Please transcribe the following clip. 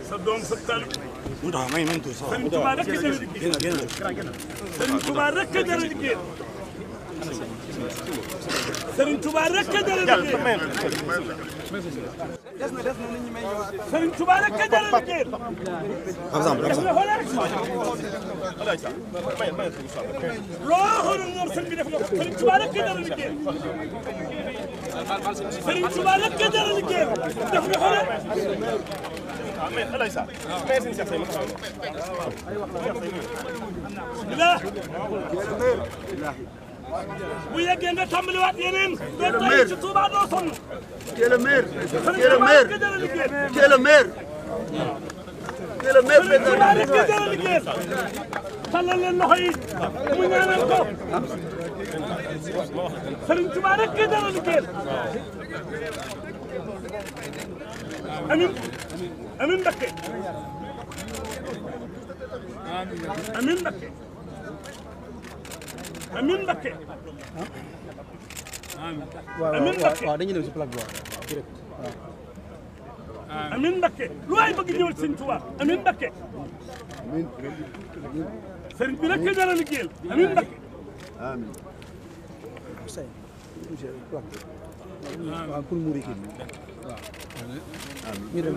sa doom sa talib mu tax may man tuur sax sëriñ Tuubaa rek dara liggéey sëriñ Tuubaa rek dara liggéey na ko sëriñ Tuubaa rek dara Serigne Touba nag kenn dara liggéeyam def nga xale. waaw mais El Hadj Sarr. mais suñu seqsay ma ko bu yeggee nga tàmbaliwaat yeneen. kee la maire doo ci Touba doo sonn. kee la maire. kee la maire kee la maire. kee la maire président Touba rek kenn dara liggéeyam. tàllal leen loxo yi mu ñaanal ko. Serigne Touba rek nga dara liggéeyal amin amin Mbakke amin Mbakke amin Mbakke amin Mbakke waaw dañuy dem si plaque bi waaw amin Mbakke lu waay bëgg ñëwal Serigne Touba amin Mbakke Serigne bi rek nga dara liggéeyal amin Mbakke saya waaw waaw pour muuri kii waaw